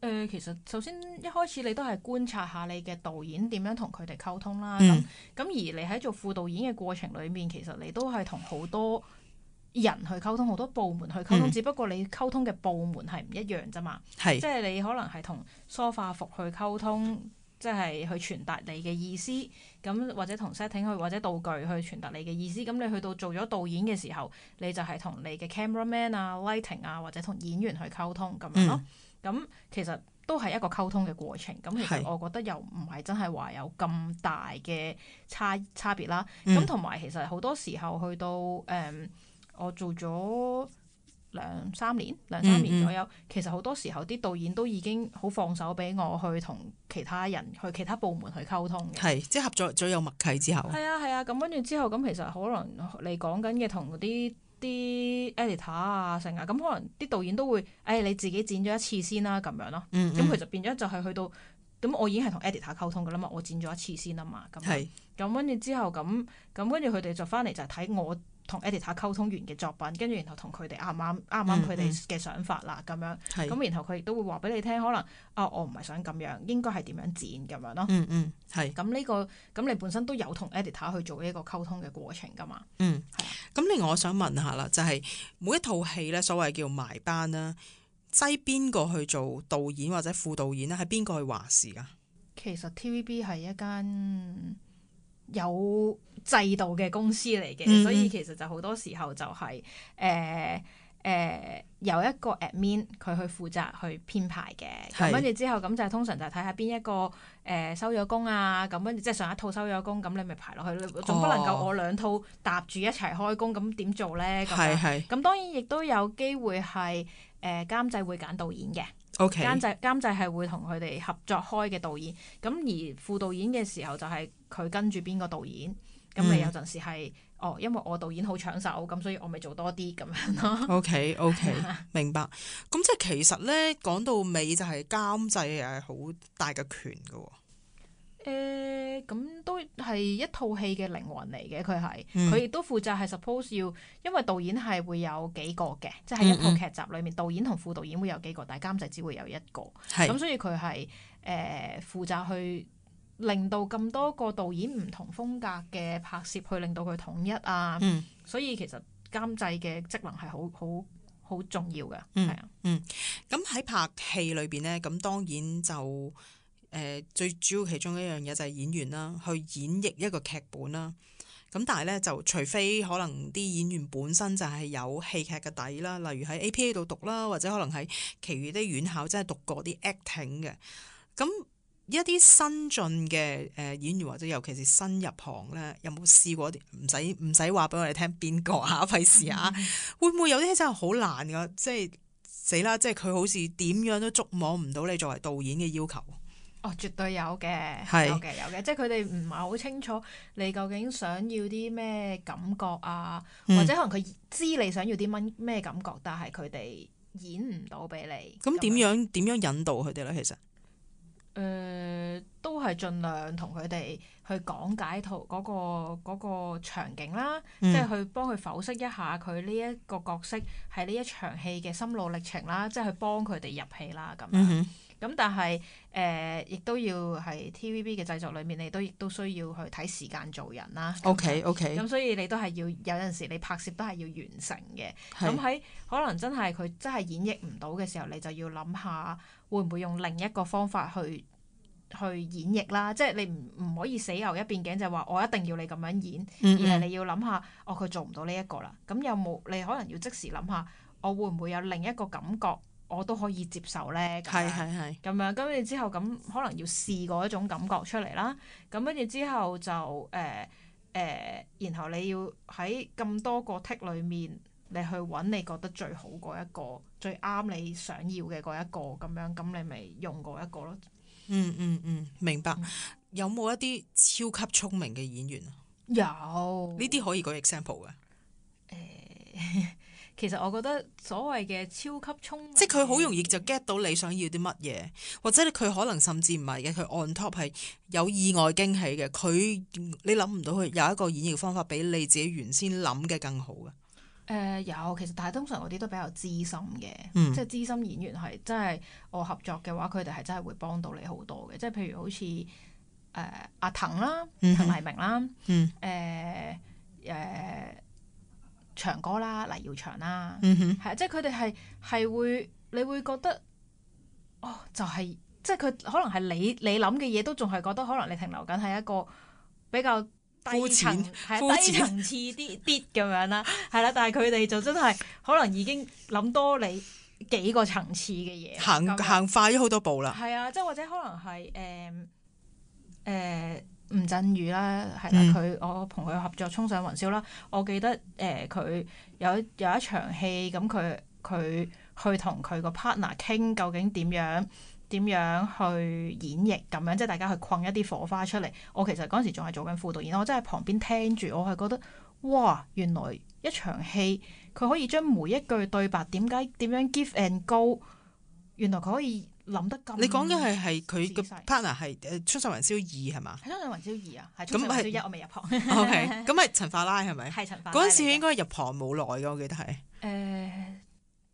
誒、呃，其實首先一開始你都係觀察下你嘅導演點樣同佢哋溝通啦。咁咁、嗯、而你喺做副導演嘅過程裏面，其實你都係同好多人去溝通，好多部門去溝通。嗯、只不過你溝通嘅部門係唔一樣啫嘛。係即係你可能係同梳化服去溝通，即、就、係、係、去傳達你嘅意思。咁或者同 setting 去，或者道具去傳達你嘅意思。咁你去到做咗導演嘅時候，你就係同你嘅 camera man 啊、lighting 啊，或者同演員去溝通咁樣咯。嗯咁其實都係一個溝通嘅過程，咁其實我覺得又唔係真係話有咁大嘅差差別啦。咁同埋其實好多時候去到誒、嗯，我做咗兩三年兩三年左右，嗯、其實好多時候啲導演都已經好放手俾我去同其他人去其他部門去溝通嘅。係，即合作咗有默契之後。係啊係啊，咁跟住之後，咁其實可能你講緊嘅同嗰啲。啲 editor 啊，成啊，咁可能啲導演都會，誒、哎、你自己剪咗一次先啦，咁樣咯。嗯。咁佢就變咗就係去到，咁我已經係同 editor 溝通㗎喇嘛，我剪咗一次先啊嘛，咁。係。咁跟住之後，咁，咁跟住佢哋就返嚟就係睇我。同 editor 溝通完嘅作品，跟住然後同佢哋啱啱啱啱佢哋嘅想法啦，咁、嗯嗯、樣。咁然後佢亦都會話俾你聽，可能啊，我唔係想咁樣，應該係點樣剪咁樣咯、嗯。嗯嗯，係。咁呢、這個咁你本身都有同 editor 去做呢個溝通嘅過程噶嘛？嗯，係啊是。咁另外我想問下啦，就係、是、每一套戲咧，所謂叫埋班啦，擠邊個去做導演或者副導演咧？係邊個去話事噶？其實 TVB 係一間。有制度嘅公司嚟嘅，嗯、所以其實就好多時候就係誒誒有一個 admin 佢去負責去編排嘅，咁跟住之後，咁就係通常就睇下邊一個誒、呃、收咗工啊，咁跟住即係上一套收咗工，咁你咪排落去，哦、總不能夠我兩套搭住一齊開工，咁點做咧？係係咁，當然亦都有機會係誒監製會揀導演嘅。監製監製係會同佢哋合作開嘅導演，咁而副導演嘅時候就係佢跟住邊個導演，咁你、嗯、有陣時係哦，因為我導演好搶手，咁所以我咪做多啲咁樣咯。OK，OK，明白。咁即係其實咧，講到尾就係監製係好大嘅權噶。誒咁都係一套戲嘅靈魂嚟嘅，佢係佢亦都負責係 suppose 要，因為導演係會有幾個嘅，嗯嗯嗯即係一套劇集裏面，導演同副導演會有幾個，但係監製只會有一個。係咁，所以佢係誒負責去令到咁多個導演唔同風格嘅拍攝，去令到佢統一啊。嗯嗯所以其實監製嘅職能係好好好重要嘅。嗯，係啊。嗯，咁喺拍戲裏邊咧，咁當然就。誒，最主要其中一樣嘢就係演員啦，去演繹一個劇本啦。咁但係咧，就除非可能啲演員本身就係有戲劇嘅底啦，例如喺 A.P.A. 度讀啦，或者可能喺其餘啲院校真係讀過啲 acting 嘅。咁一啲新進嘅誒演員或者尤其是新入行咧，有冇試過啲唔使唔使話俾我哋聽邊個啊？費事啊，嗯、會唔會有啲真係好難噶？即係死啦，即係佢好似點樣都捉摸唔到你作為導演嘅要求。哦，絕對有嘅是，有嘅，有嘅，即係佢哋唔係好清楚你究竟想要啲咩感覺啊，嗯、或者可能佢知你想要啲乜咩感覺，但係佢哋演唔到俾你。咁點、嗯、樣點樣引導佢哋咧？其實，誒，都係盡量同佢哋去講解套、那、嗰個嗰、那個、場景啦，嗯、即係去幫佢剖析一下佢呢一個角色喺呢一場戲嘅心路歷程啦，即係去幫佢哋入戲啦咁樣。咁但係誒、呃，亦都要喺 TVB 嘅製作裏面，你都亦都需要去睇時間做人啦。OK OK。咁所以你都係要有陣時，你拍攝都係要完成嘅。咁喺是可能真係佢真係演繹唔到嘅時候，你就要諗下會唔會用另一個方法去去演繹啦。即係你唔唔可以死牛一邊頸就話、是、我一定要你咁樣演，嗯嗯而係你要諗下，哦佢做唔到呢一個啦。咁有冇你可能要即時諗下，我會唔會有另一個感覺？我都可以接受咧，咁樣咁樣，跟住之後咁可能要試嗰一種感覺出嚟啦。咁跟住之後就誒誒、呃呃，然後你要喺咁多個剔 i 裏面，你去揾你覺得最好嗰、那個、一個，最啱你想要嘅嗰一個咁樣，咁你咪用嗰一個咯。嗯嗯嗯，明白。嗯、有冇一啲超級聰明嘅演員啊？有呢啲可以舉 example 嘅。誒。 <laughs> 其實我覺得所謂嘅超級聰明，即係佢好容易就 get 到你想要啲乜嘢，或者佢可能甚至唔係嘅，佢 on top 係有意外驚喜嘅。佢你諗唔到佢有一個演繹方法比你自己原先諗嘅更好嘅。誒、呃、有其實，但係通常我啲都比較資深嘅，嗯、即係資深演員係真係我合作嘅話，佢哋係真係會幫到你好多嘅。即係譬如好似誒、呃、阿騰啦，滕、呃、麗名啦，誒誒、嗯哼。呃呃呃長歌啦，黎耀祥啦，係、嗯哼啊、即係佢哋係係會，你會覺得，哦，就係、係、即係佢可能係你你諗嘅嘢都仲係覺得可能你停留緊係一個比較低層低層次啲啲咁樣啦，係啦，但係佢哋就真係可能已經諗多你幾個層次嘅嘢，行行快咗好多步啦，係啊，即係或者可能係誒誒。呃呃吳鎮宇啦，係啦，佢、嗯、我同佢合作衝上雲霄啦。我記得誒，佢、呃、有有一場戲，咁佢佢去同佢個 partner 傾，究竟點樣點樣去演繹咁樣，即係大家去困一啲火花出嚟。我其實嗰陣時仲係做緊副導，然後我真係旁邊聽住，我係覺得哇，原來一場戲佢可以將每一句對白點解點樣 give and go，原來佢可以。諗得咁，你講嘅係係佢個 partner 係誒《衝上雲霄二》係嘛？《衝上雲霄二》啊，係《衝上雲霄一》是我未入行。O K，咁咪陳法拉係咪？係陳法拉。嗰陣時應該入行冇耐㗎，我記得係。誒、呃，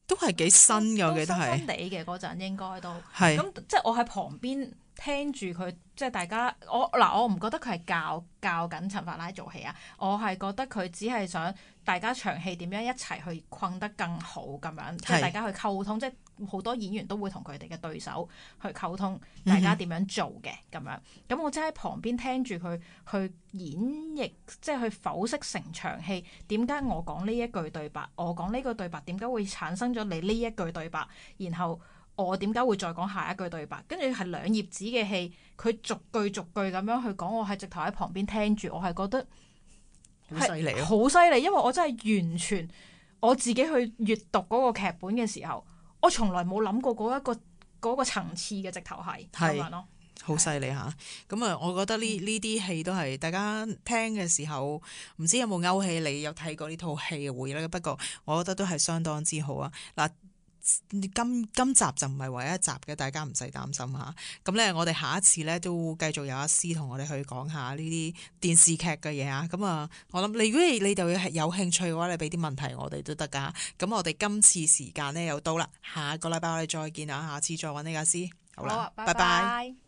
都係幾新嘅，呃、我記得係。新嘅嗰陣應該都係。咁是即係我喺旁邊。聽住佢，即係大家我嗱，我唔覺得佢係教教緊陳法拉做戲啊！我係覺得佢只係想大家場戲點樣一齊去困得更好咁樣，即係大家去溝通，是即係好多演員都會同佢哋嘅對手去溝通，大家點樣做嘅咁、嗯、哼樣。咁我即係喺旁邊聽住佢去演繹，即係去剖析成場戲。點解我講呢一句對白？我講呢句對白，點解會產生咗你呢一句對白？然後，我點解會再講下一句對白？跟住係兩頁紙嘅戲，佢逐句逐句咁樣去講，我係直頭喺旁邊聽住，我係覺得好犀利，好犀利！是因為我真係完全我自己去閱讀嗰個劇本嘅時候，我從來冇諗過嗰一個嗰個層次嘅，直頭係係咪咯？好犀利吓！咁啊，我覺得呢呢啲戲都係大家聽嘅時候，唔知有冇勾起你有睇過呢套戲嘅回憶啦。不過我覺得都係相當之好啊！嗱、啊。今今集就唔係唯一集嘅，大家唔使擔心吓。咁咧，我哋下一次咧都繼續有阿師同我哋去講下呢啲電視劇嘅嘢啊。咁啊，我諗你如果你你哋係有興趣嘅話，你俾啲問題我哋都得㗎。咁我哋今次時間咧又到啦，下個禮拜我哋再見啊，下次再揾你阿師。好啦，拜拜。